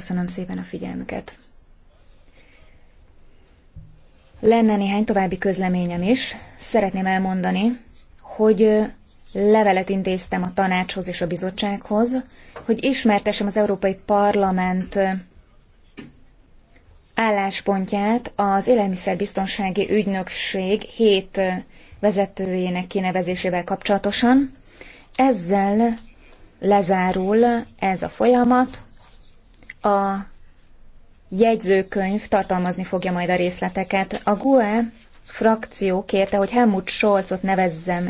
Köszönöm szépen a figyelmüket. Lenne néhány további közleményem is. Szeretném elmondani, hogy levelet intéztem a tanácshoz és a bizottsághoz, hogy ismertessem az Európai Parlament álláspontját az Élelmiszerbiztonsági Ügynökség hét vezetőjének kinevezésével kapcsolatosan. Ezzel lezárul ez a folyamat, a jegyzőkönyv tartalmazni fogja majd a részleteket. A GUE frakció kérte, hogy Helmut Scholzot nevezzem